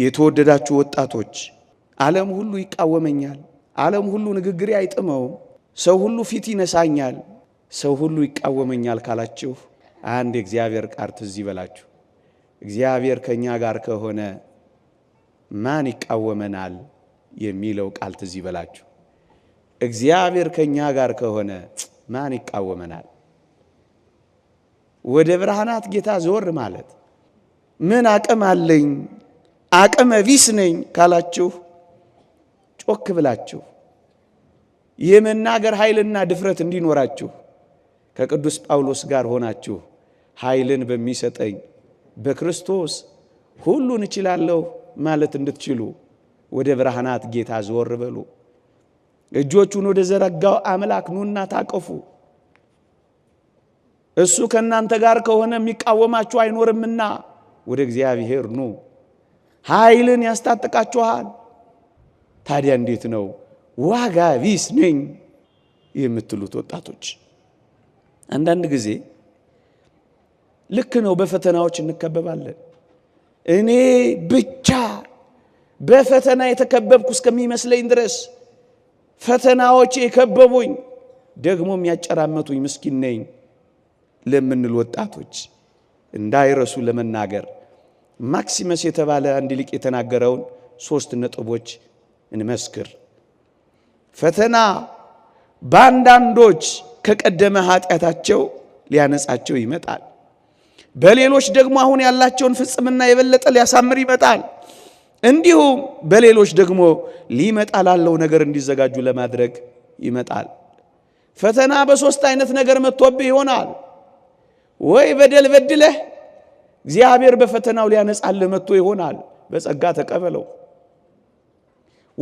የተወደዳችሁ ወጣቶች፣ ዓለም ሁሉ ይቃወመኛል። ዓለም ሁሉ ንግግሬ አይጥመውም። ሰው ሁሉ ፊት ይነሳኛል፣ ሰው ሁሉ ይቃወመኛል ካላችሁ አንድ የእግዚአብሔር ቃል ትዝ ይበላችሁ። እግዚአብሔር ከእኛ ጋር ከሆነ ማን ይቃወመናል የሚለው ቃል ትዝ ይበላችሁ። እግዚአብሔር ከእኛ ጋር ከሆነ ማን ይቃወመናል? ወደ ብርሃናት ጌታ ዞር ማለት ምን አቅም አለኝ አቅመ ቢስ ነኝ ካላችሁ ጮክ ብላችሁ የመናገር ኃይልና ድፍረት እንዲኖራችሁ ከቅዱስ ጳውሎስ ጋር ሆናችሁ ኃይልን በሚሰጠኝ በክርስቶስ ሁሉን እችላለሁ ማለት እንድትችሉ ወደ ብርሃናት ጌታ ዞር በሉ። እጆቹን ወደ ዘረጋው አምላክ ኑና ታቀፉ። እሱ ከእናንተ ጋር ከሆነ የሚቃወማችሁ አይኖርምና ወደ እግዚአብሔር ኑ። ኃይልን ያስታጥቃችኋል። ታዲያ እንዴት ነው ዋጋ ቢስ ነኝ የምትሉት ወጣቶች? አንዳንድ ጊዜ ልክ ነው፣ በፈተናዎች እንከበባለን። እኔ ብቻ በፈተና የተከበብኩ እስከሚመስለኝ ድረስ ፈተናዎች የከበቡኝ ደግሞ ያጨራመቱኝ ምስኪን ነኝ ለምንል ወጣቶች እንዳይረሱ ለመናገር ማክሲመስ የተባለ አንድ ሊቅ የተናገረውን ሶስት ነጥቦች እንመስክር። ፈተና በአንዳንዶች ከቀደመ ኃጢአታቸው ሊያነጻቸው ይመጣል። በሌሎች ደግሞ አሁን ያላቸውን ፍጽምና የበለጠ ሊያሳምር ይመጣል። እንዲሁም በሌሎች ደግሞ ሊመጣ ላለው ነገር እንዲዘጋጁ ለማድረግ ይመጣል። ፈተና በሦስት አይነት ነገር መጥቶብህ ይሆናል። ወይ በደል በድለህ እግዚአብሔር በፈተናው ሊያነጻልህ መጥቶ ይሆናል። በጸጋ ተቀበለው።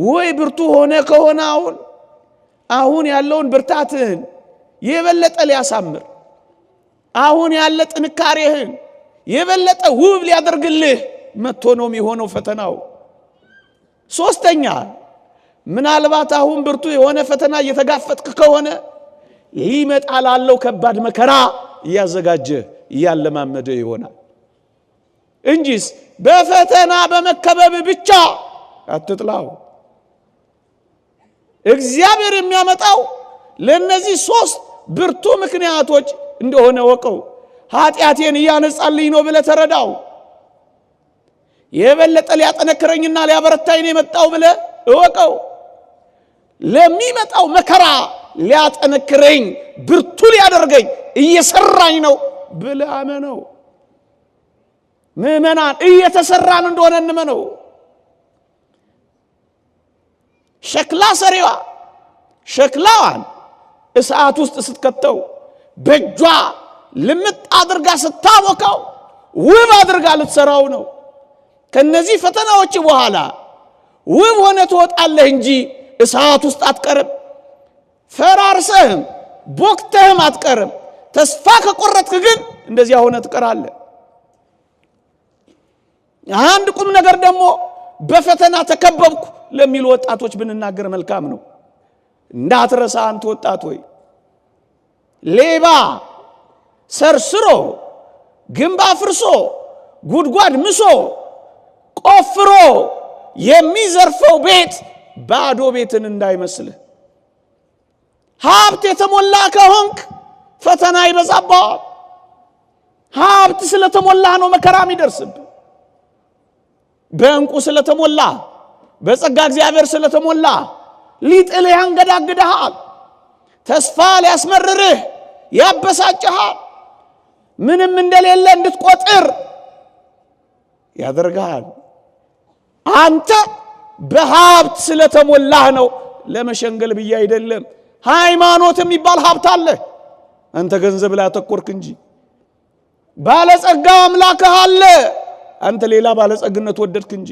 ወይ ብርቱ ሆነ ከሆነ አሁን አሁን ያለውን ብርታትህን የበለጠ ሊያሳምር አሁን ያለ ጥንካሬህን የበለጠ ውብ ሊያደርግልህ መጥቶ ነው የሚሆነው ፈተናው። ሶስተኛ ምናልባት አሁን ብርቱ የሆነ ፈተና እየተጋፈጥክ ከሆነ ሊመጣ ላለው ከባድ መከራ እያዘጋጀህ እያለማመደ ይሆናል። እንጂስ በፈተና በመከበብ ብቻ አትጥላው። እግዚአብሔር የሚያመጣው ለእነዚህ ሶስት ብርቱ ምክንያቶች እንደሆነ ወቀው። ኃጢአቴን እያነጻልኝ ነው ብለ ተረዳው። የበለጠ ሊያጠነክረኝና ሊያበረታኝ ነው የመጣው ብለ እወቀው። ለሚመጣው መከራ ሊያጠነክረኝ ብርቱ ሊያደርገኝ እየሰራኝ ነው ብለ አመነው። ምእመናን እየተሰራን እንደሆነ እንመነው። ሸክላ ሰሪዋ ሸክላዋን እሰዓት ውስጥ ስትከተው በእጇ ልምጥ አድርጋ ስታቦካው ውብ አድርጋ ልትሰራው ነው። ከነዚህ ፈተናዎች በኋላ ውብ ሆነ ትወጣለህ እንጂ እሰዓት ውስጥ አትቀርም። ፈራርሰህም ቦክተህም አትቀርም። ተስፋ ከቆረጥክ ግን እንደዚያ ሆነ ትቀራለህ። አንድ ቁም ነገር ደግሞ በፈተና ተከበብኩ ለሚሉ ወጣቶች ብንናገር መልካም ነው። እንዳትረሳ አንተ ወጣት ሆይ ሌባ ሰርስሮ ግንብ አፍርሶ ጉድጓድ ምሶ ቆፍሮ የሚዘርፈው ቤት ባዶ ቤትን እንዳይመስልህ። ሀብት የተሞላ ከሆንክ ፈተና ይበዛብሃል። ሀብት ስለተሞላህ ነው መከራ የሚደርስብህ። በእንቁ ስለተሞላ በጸጋ እግዚአብሔር ስለተሞላ ሊጥልህ ያንገዳግድሃል። ተስፋ ሊያስመርርህ ያበሳጭሃል። ምንም እንደሌለ እንድትቆጥር ያደርግሃል። አንተ በሀብት ስለተሞላህ ነው። ለመሸንገል ብዬ አይደለም። ሃይማኖት የሚባል ሀብት አለ። አንተ ገንዘብ ላይ አተኮርክ እንጂ ባለጸጋ አምላክህ አለ። አንተ ሌላ ባለጸግነት ወደድክ እንጂ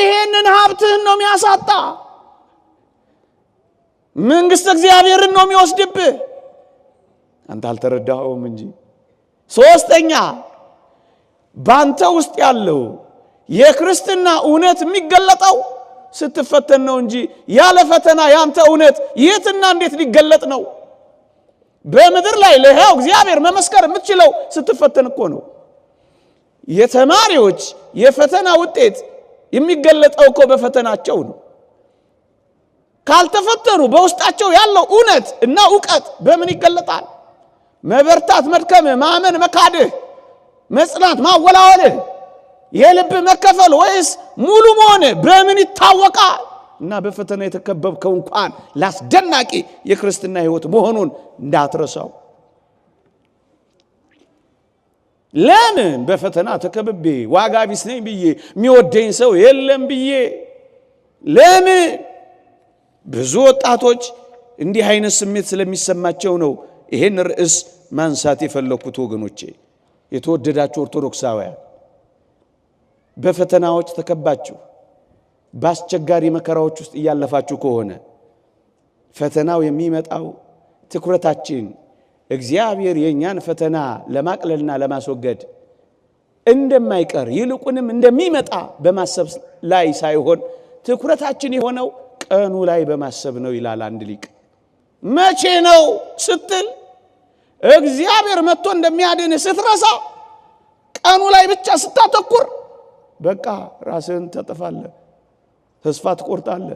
ይሄንን ሀብትህን ነው የሚያሳጣ። መንግሥተ እግዚአብሔርን ነው የሚወስድብህ። አንተ አልተረዳኸውም እንጂ። ሶስተኛ በአንተ ውስጥ ያለው የክርስትና እውነት የሚገለጠው ስትፈተን ነው እንጂ ያለ ፈተና የአንተ እውነት የትና እንዴት ሊገለጥ ነው? በምድር ላይ ለሕያው እግዚአብሔር መመስከር የምትችለው ስትፈተን እኮ ነው። የተማሪዎች የፈተና ውጤት የሚገለጠው እኮ በፈተናቸው ነው። ካልተፈተኑ በውስጣቸው ያለው እውነት እና እውቀት በምን ይገለጣል? መበርታት፣ መድከምህ፣ ማመን፣ መካድህ፣ መጽናት፣ ማወላወልህ፣ የልብ መከፈል ወይስ ሙሉ መሆንህ በምን ይታወቃል? እና በፈተና የተከበብከው እንኳን ለአስደናቂ የክርስትና ህይወት መሆኑን እንዳትረሳው። ለምን በፈተና ተከብቤ ዋጋ ቢስ ነኝ ብዬ የሚወደኝ ሰው የለም ብዬ ለምን? ብዙ ወጣቶች እንዲህ አይነት ስሜት ስለሚሰማቸው ነው ይሄን ርዕስ ማንሳት የፈለግኩት። ወገኖቼ፣ የተወደዳችሁ ኦርቶዶክሳውያን በፈተናዎች ተከባችሁ በአስቸጋሪ መከራዎች ውስጥ እያለፋችሁ ከሆነ ፈተናው የሚመጣው ትኩረታችን እግዚአብሔር የእኛን ፈተና ለማቅለልና ለማስወገድ እንደማይቀር ይልቁንም እንደሚመጣ በማሰብ ላይ ሳይሆን ትኩረታችን የሆነው ቀኑ ላይ በማሰብ ነው ይላል አንድ ሊቅ። መቼ ነው ስትል እግዚአብሔር መጥቶ እንደሚያድን ስትረሳ፣ ቀኑ ላይ ብቻ ስታተኩር፣ በቃ ራስህን ተጥፋለህ። ተስፋ ትቆርጣለ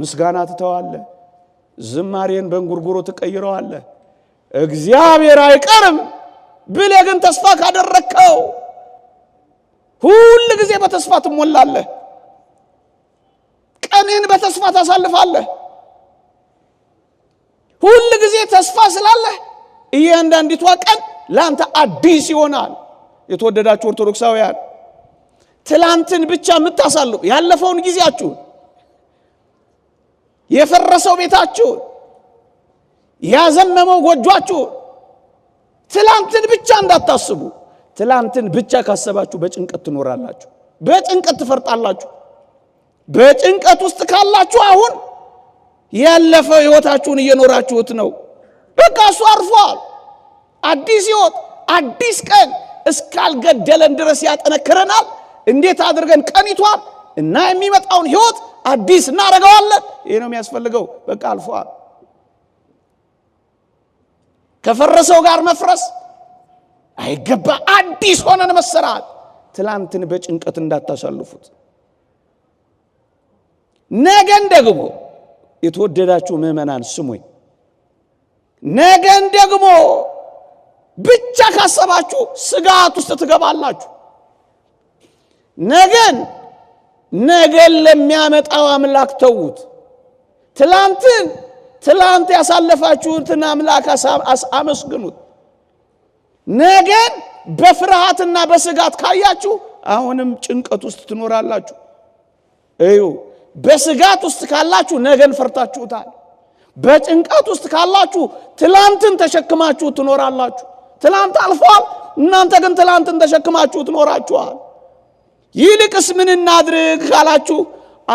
ምስጋና ትተዋለ ዝማሬን በእንጉርጉሮ ትቀይረዋለ። እግዚአብሔር አይቀርም ብለህ ግን ተስፋ ካደረግከው ሁል ጊዜ በተስፋ ትሞላለህ። ቀንህን በተስፋ ታሳልፋለህ። ሁል ጊዜ ተስፋ ስላለህ እያንዳንዲቷ ቀን ለአንተ አዲስ ይሆናል። የተወደዳችሁ ኦርቶዶክሳውያን ትላንትን ብቻ የምታሳልፉ ያለፈውን ጊዜያችሁን፣ የፈረሰው ቤታችሁን፣ ያዘመመው ጎጇችሁን ትላንትን ብቻ እንዳታስቡ። ትላንትን ብቻ ካሰባችሁ በጭንቀት ትኖራላችሁ፣ በጭንቀት ትፈርጣላችሁ። በጭንቀት ውስጥ ካላችሁ አሁን ያለፈው ህይወታችሁን እየኖራችሁት ነው። በቃ እሱ አርፏል። አዲስ ህይወት አዲስ ቀን እስካልገደለን ድረስ ያጠነክረናል። እንዴት አድርገን ቀኒቷን እና የሚመጣውን ህይወት አዲስ እናደርገዋለን። ይሄ ነው የሚያስፈልገው። በቃ አልፏል። ከፈረሰው ጋር መፍረስ አይገባ። አዲስ ሆነን መሰራት። ትላንትን በጭንቀት እንዳታሳልፉት። ነገን ደግሞ የተወደዳችሁ ምዕመናን ስሙኝ። ነገን ደግሞ ብቻ ካሰባችሁ ስጋት ውስጥ ትገባላችሁ። ነገን ነገን ለሚያመጣው አምላክ ተዉት። ትላንትን ትላንት ያሳለፋችሁትን አምላክ አመስግኑት። ነገን በፍርሃትና በስጋት ካያችሁ አሁንም ጭንቀት ውስጥ ትኖራላችሁ። እዩ፣ በስጋት ውስጥ ካላችሁ ነገን ፈርታችሁታል። በጭንቀት ውስጥ ካላችሁ ትላንትን ተሸክማችሁ ትኖራላችሁ። ትላንት አልፏል። እናንተ ግን ትላንትን ተሸክማችሁ ትኖራችኋል። ይልቅስ ምን እናድርግ ካላችሁ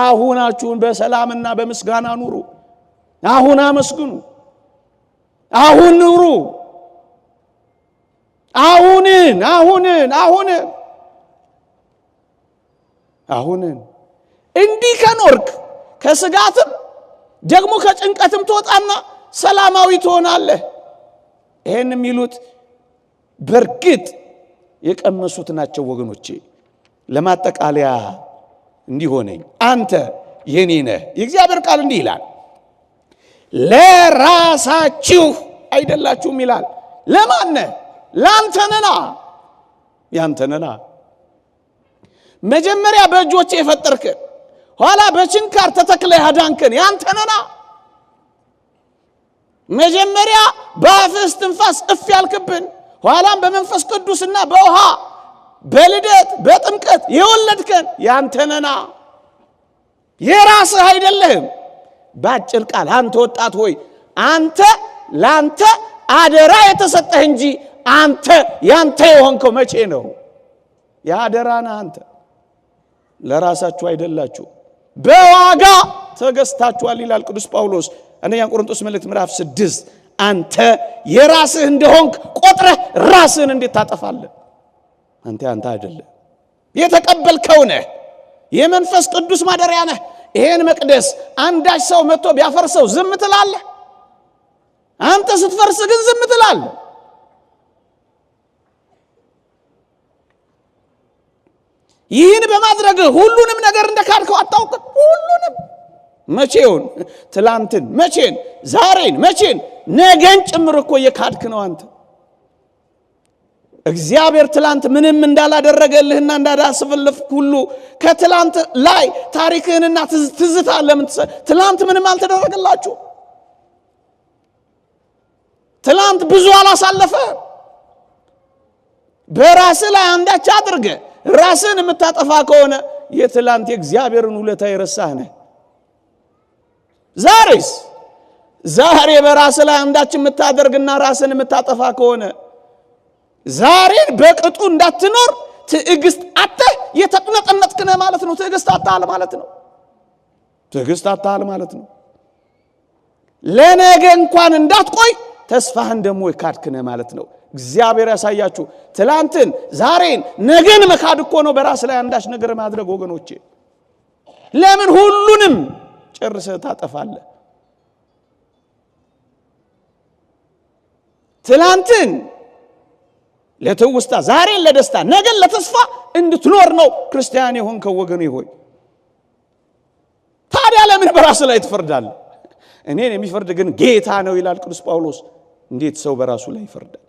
አሁናችሁን በሰላምና በምስጋና ኑሩ። አሁን አመስግኑ። አሁን ኑሩ። አሁንን አሁንን አሁንን አሁንን እንዲህ ከኖርክ ከስጋትም ደግሞ ከጭንቀትም ትወጣና ሰላማዊ ትሆናለህ። ይህን የሚሉት በእርግጥ የቀመሱት ናቸው ወገኖቼ። ለማጠቃለያ እንዲሆነኝ አንተ የኔ ነህ። የእግዚአብሔር ቃል እንዲህ ይላል፣ ለራሳችሁ አይደላችሁም ይላል። ለማነ ለአንተነና ያንተነና መጀመሪያ በእጆቼ የፈጠርክን ኋላ በችንካር ተተክለ ያዳንክን ያንተነና መጀመሪያ በአፍህ እስትንፋስ እፍ ያልክብን ኋላም በመንፈስ ቅዱስና በውሃ በልደት በጥምቀት የወለድከን ያንተነና የራስህ አይደለህም። በአጭር ቃል አንተ ወጣት ሆይ አንተ ለአንተ አደራ የተሰጠህ እንጂ አንተ ያንተ የሆንከው መቼ ነው? የአደራ አንተ። ለራሳችሁ አይደላችሁ፣ በዋጋ ተገዝታችኋል ይላል ቅዱስ ጳውሎስ አንደኛ ቆሮንቶስ መልእክት ምዕራፍ ስድስት አንተ የራስህ እንደሆንክ ቆጥረህ ራስህን እንዴት ታጠፋለህ? አንተ አንተ አይደለም የተቀበልከው ነህ። የመንፈስ ቅዱስ ማደሪያ ነህ። ይሄን መቅደስ አንዳች ሰው መጥቶ ቢያፈርሰው ዝም ትላለህ? አንተ ስትፈርስ ግን ዝም ትላለህ። ይህን በማድረግ ሁሉንም ነገር እንደ ካድከው አታውቅም? ሁሉንም መቼውን፣ ትላንትን፣ መቼን፣ ዛሬን፣ መቼን፣ ነገን ጭምር እኮ የካድክ ነው አንተ እግዚአብሔር ትላንት ምንም እንዳላደረገልህና እንዳዳስፍልፍ ሁሉ ከትላንት ላይ ታሪክህንና ትዝታ ለምን ትላንት ምንም አልተደረገላችሁ? ትላንት ብዙ አላሳለፈ። በራስ ላይ አንዳች አድርገ ራስን የምታጠፋ ከሆነ የትላንት የእግዚአብሔርን ውለታ የረሳህ ነ ዛሬስ ዛሬ በራስ ላይ አንዳች የምታደርግና ራስን የምታጠፋ ከሆነ ዛሬን በቅጡ እንዳትኖር ትዕግስት አተህ የተቅነጠነጥክ ማለት ነው። ትዕግስት አታል ማለት ነው። ትዕግስት አታል ማለት ነው። ለነገ እንኳን እንዳትቆይ ተስፋህን ደግሞ የካድክ ማለት ነው። እግዚአብሔር ያሳያችሁ። ትላንትን፣ ዛሬን፣ ነገን መካድ እኮ ነው በራስ ላይ አንዳች ነገር ማድረግ ወገኖቼ። ለምን ሁሉንም ጨርሰህ ታጠፋለህ? ትላንትን ለትውስታ ዛሬን ለደስታ ነገን ለተስፋ እንድትኖር ነው ክርስቲያን የሆንከው ወገኔ ሆይ። ታዲያ ለምን በራስ ላይ ትፈርዳል? እኔን የሚፈርድ ግን ጌታ ነው ይላል ቅዱስ ጳውሎስ። እንዴት ሰው በራሱ ላይ ይፈርዳል?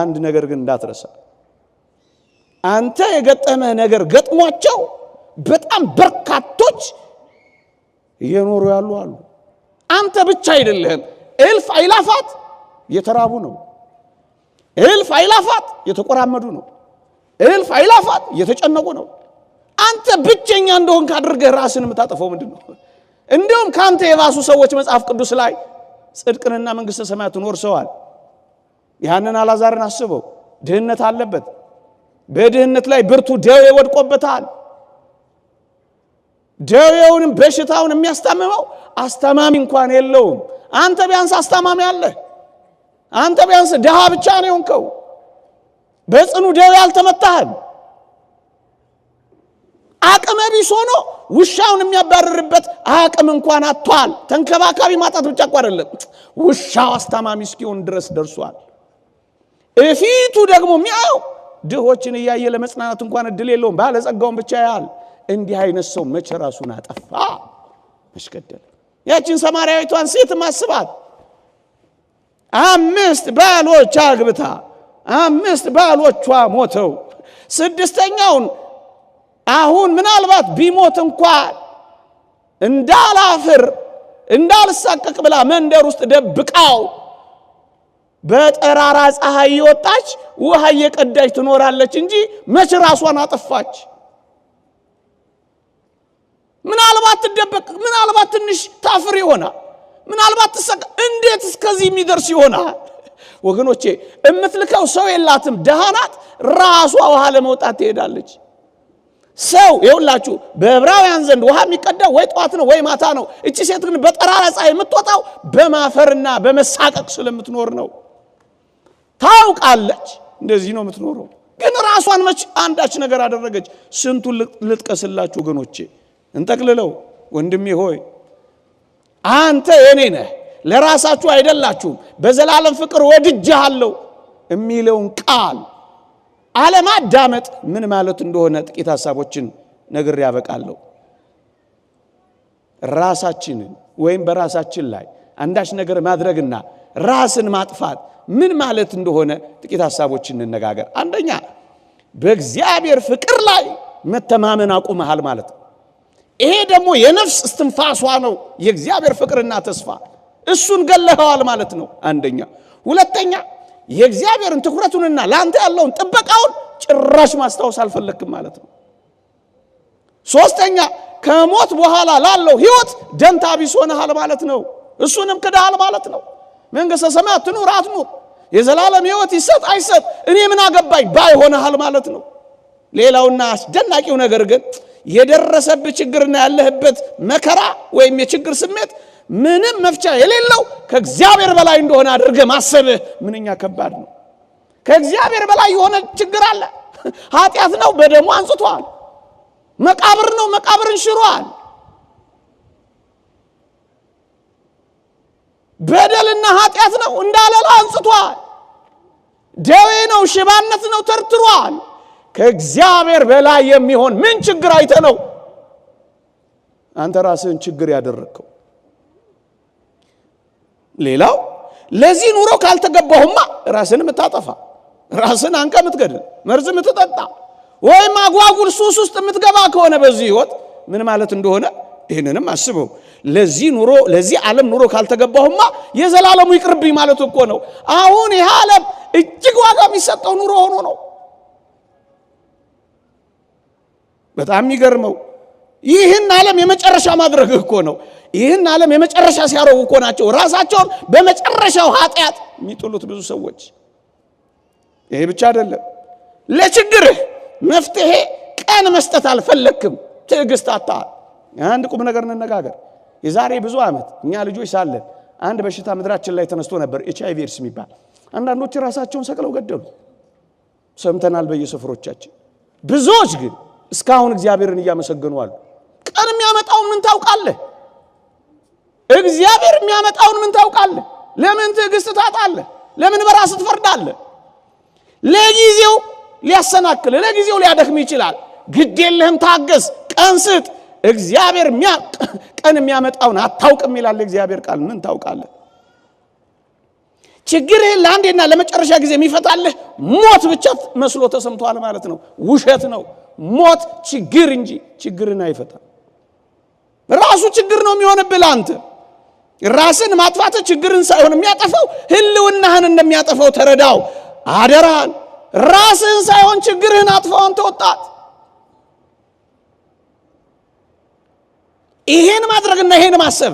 አንድ ነገር ግን እንዳትረሳ፣ አንተ የገጠመ ነገር ገጥሟቸው በጣም በርካቶች እየኖሩ ያሉ አሉ። አንተ ብቻ አይደለህም። እልፍ አይላፋት እየተራቡ ነው። እልፍ አይላፋት የተቆራመዱ ነው። እልፍ አይላፋት የተጨነቁ ነው። አንተ ብቸኛ እንደሆን ካድርገህ ራስን የምታጠፈው ምንድን ነው? እንዲሁም ከአንተ የባሱ ሰዎች መጽሐፍ ቅዱስ ላይ ጽድቅንና መንግሥተ ሰማያትን ወርሰዋል። ያንን አላዛርን አስበው። ድህነት አለበት። በድህነት ላይ ብርቱ ደዌ ወድቆበታል። ደዌውንም በሽታውን የሚያስታምመው አስተማሚ እንኳን የለውም። አንተ ቢያንስ አስተማሚ አለህ። አንተ ቢያንስ ድሃ ብቻ ነው የሆንከው። በጽኑ ደዌ አልተመታህም። አቅመ ቢስ ሆኖ ውሻውን የሚያባርርበት አቅም እንኳን አጥቷል። ተንከባካቢ ማጣት ብቻ እኮ አይደለም፣ ውሻው አስታማሚ እስኪሆን ድረስ ደርሷል። እፊቱ ደግሞ ሚያው ድሆችን እያየ ለመጽናናት እንኳን እድል የለውም፣ ባለጸጋውን ብቻ ያህል። እንዲህ አይነት ሰው መቼ ራሱን አጠፋ መሽገደል። ያችን ሰማርያዊቷን ሴት ማስባት አምስት ባሎች አግብታ አምስት ባሎቿ ሞተው ስድስተኛውን አሁን ምናልባት ቢሞት እንኳ እንዳላፍር እንዳልሳቀቅ ብላ መንደር ውስጥ ደብቃው በጠራራ ፀሐይ እየወጣች ውሃ እየቀዳች ትኖራለች እንጂ መች ራሷን አጠፋች? ምናልባት ትደበቅ፣ ምናልባት ትንሽ ታፍር ይሆናል። ምናልባት ትሰቃ እንዴት እስከዚህ የሚደርስ ይሆናል? ወገኖቼ እምትልከው ሰው የላትም። ደሃናት ራሷ ውሃ ለመውጣት ትሄዳለች። ሰው የሁላችሁ በዕብራውያን ዘንድ ውሃ የሚቀዳው ወይ ጠዋት ነው ወይ ማታ ነው። እቺ ሴት ግን በጠራራ ፀሐይ የምትወጣው በማፈርና በመሳቀቅ ስለምትኖር ነው። ታውቃለች፣ እንደዚህ ነው የምትኖረው። ግን ራሷን መች አንዳች ነገር አደረገች? ስንቱን ልጥቀስላችሁ ወገኖቼ። እንጠቅልለው። ወንድሜ ሆይ አንተ የኔ ነህ፣ ለራሳችሁ አይደላችሁም፣ በዘላለም ፍቅር ወድጄሃለሁ የሚለውን ቃል አለማዳመጥ ምን ማለት እንደሆነ ጥቂት ሀሳቦችን ነግሬ ያበቃለሁ። ራሳችንን ወይም በራሳችን ላይ አንዳች ነገር ማድረግና ራስን ማጥፋት ምን ማለት እንደሆነ ጥቂት ሀሳቦችን እንነጋገር። አንደኛ በእግዚአብሔር ፍቅር ላይ መተማመን አቁመሃል ማለት ነው። ይሄ ደግሞ የነፍስ እስትንፋሷ ነው፣ የእግዚአብሔር ፍቅርና ተስፋ። እሱን ገለኸዋል ማለት ነው አንደኛ። ሁለተኛ የእግዚአብሔርን ትኩረቱንና ለአንተ ያለውን ጥበቃውን ጭራሽ ማስታወስ አልፈለግክም ማለት ነው። ሶስተኛ ከሞት በኋላ ላለው ህይወት ደንታ ቢስ ሆነሃል ማለት ነው። እሱንም ክዳሃል ማለት ነው። መንግሥተ ሰማያት ትኑር አትኑር፣ የዘላለም ህይወት ይሰጥ አይሰጥ፣ እኔ ምን አገባኝ ባይ ሆነሃል ማለት ነው። ሌላውና አስደናቂው ነገር ግን የደረሰብህ ችግርና ያለህበት መከራ ወይም የችግር ስሜት ምንም መፍቻ የሌለው ከእግዚአብሔር በላይ እንደሆነ አድርገ ማሰብህ ምንኛ ከባድ ነው። ከእግዚአብሔር በላይ የሆነ ችግር አለ። ኃጢአት ነው፣ በደሙ አንጽቷል። መቃብር ነው፣ መቃብርን ሽሯል። በደልና ኃጢአት ነው፣ እንዳለላ አንጽቷል። ደዌ ነው፣ ሽባነት ነው፣ ተርትሯል። ከእግዚአብሔር በላይ የሚሆን ምን ችግር አይተ ነው አንተ ራስህን ችግር ያደረግከው? ሌላው ለዚህ ኑሮ ካልተገባሁማ ራስን የምታጠፋ ራስን አንቀ የምትገድል መርዝ የምትጠጣ ወይም አጓጉል ሱስ ውስጥ የምትገባ ከሆነ በዚህ ህይወት ምን ማለት እንደሆነ ይህንንም አስበው። ለዚህ ኑሮ ለዚህ ዓለም ኑሮ ካልተገባሁማ የዘላለሙ ይቅርብኝ ማለት እኮ ነው። አሁን ይህ ዓለም እጅግ ዋጋ የሚሰጠው ኑሮ ሆኖ ነው። በጣም የሚገርመው ይህን ዓለም የመጨረሻ ማድረግ እኮ ነው። ይህን ዓለም የመጨረሻ ሲያረጉ እኮ ናቸው ራሳቸውን በመጨረሻው ኃጢአት የሚጥሉት ብዙ ሰዎች። ይሄ ብቻ አይደለም፣ ለችግርህ መፍትሄ ቀን መስጠት አልፈለግክም፣ ትዕግስት አታል። አንድ ቁም ነገር እንነጋገር። የዛሬ ብዙ ዓመት እኛ ልጆች ሳለን አንድ በሽታ ምድራችን ላይ ተነስቶ ነበር፣ ኤች አይቪ ኤድስ የሚባል አንዳንዶች ራሳቸውን ሰቅለው ገደሉ፣ ሰምተናል በየሰፈሮቻችን። ብዙዎች ግን እስካሁን እግዚአብሔርን እያመሰገኑ አሉ። ቀን የሚያመጣውን ምን ታውቃለህ? እግዚአብሔር የሚያመጣውን ምን ታውቃለህ? ለምን ትዕግስት ታጣለህ? ለምን በራስህ ትፈርዳለህ? ለጊዜው ሊያሰናክል ለጊዜው ሊያደክም ይችላል። ግድ የለህም፣ ታገስ፣ ቀን ስጥ። እግዚአብሔር ቀን የሚያመጣውን አታውቅም ይላል እግዚአብሔር ቃል። ምን ታውቃለህ? ችግርህን ለአንዴና ለመጨረሻ ጊዜ የሚፈታልህ ሞት ብቻ መስሎ ተሰምቷል ማለት ነው። ውሸት ነው። ሞት ችግር እንጂ ችግርን አይፈታም። ራሱ ችግር ነው የሚሆንብህ ለአንተ። ራስን ማጥፋት ችግርን ሳይሆን የሚያጠፋው ህልውናህን እንደሚያጠፋው ተረዳው። አደራህን ራስን ሳይሆን ችግርህን አጥፋው አንተ ይሄን ማድረግና ይሄን ማሰብ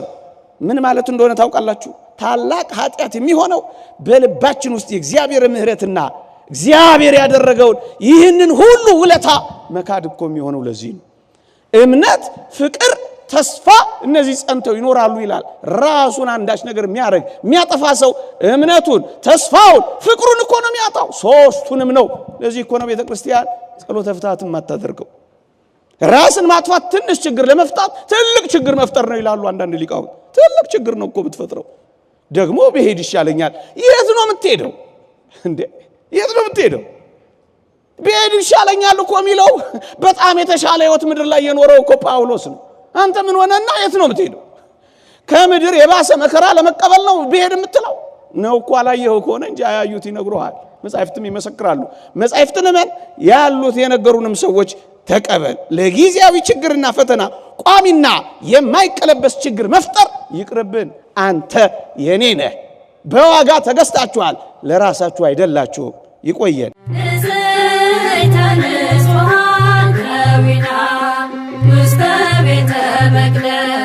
ምን ማለት እንደሆነ ታውቃላችሁ? ታላቅ ኃጢአት የሚሆነው በልባችን ውስጥ የእግዚአብሔር ምሕረትና እግዚአብሔር ያደረገውን ይህንን ሁሉ ውለታ መካድ እኮ የሚሆነው ለዚህ ነው። እምነት፣ ፍቅር፣ ተስፋ እነዚህ ጸንተው ይኖራሉ ይላል። ራሱን አንዳች ነገር የሚያደርግ የሚያጠፋ ሰው እምነቱን፣ ተስፋውን፣ ፍቅሩን እኮ ነው የሚያጣው። ሶስቱንም ነው። ለዚህ እኮ ነው ቤተ ክርስቲያን ጸሎተ ፍትሐትን ራስን ማጥፋት ትንሽ ችግር ለመፍታት ትልቅ ችግር መፍጠር ነው ይላሉ አንዳንድ ሊቃውንት። ትልቅ ችግር ነው እኮ ብትፈጥረው። ደግሞ ብሄድ ይሻለኛል። የት ነው የምትሄደው እንዴ? የት ነው የምትሄደው? ብሄድ ይሻለኛል እኮ የሚለው በጣም የተሻለ ህይወት ምድር ላይ የኖረው እኮ ጳውሎስ ነው። አንተ ምን ሆነና የት ነው የምትሄደው? ከምድር የባሰ መከራ ለመቀበል ነው ብሄድ የምትለው ነው እኮ። አላየኸው ከሆነ እንጂ አያዩት ይነግሩሃል፣ መጻሕፍትም ይመሰክራሉ። መጻሕፍትን እመን፣ ያሉት የነገሩንም ሰዎች ተቀበል። ለጊዜያዊ ችግርና ፈተና ቋሚና የማይቀለበስ ችግር መፍጠር ይቅርብን። አንተ የኔ ነህ። በዋጋ ተገዝታችኋል፣ ለራሳችሁ አይደላችሁም። ይቆየን። ንጽሕተ ከዊና ውስተ ቤተ መቅደስ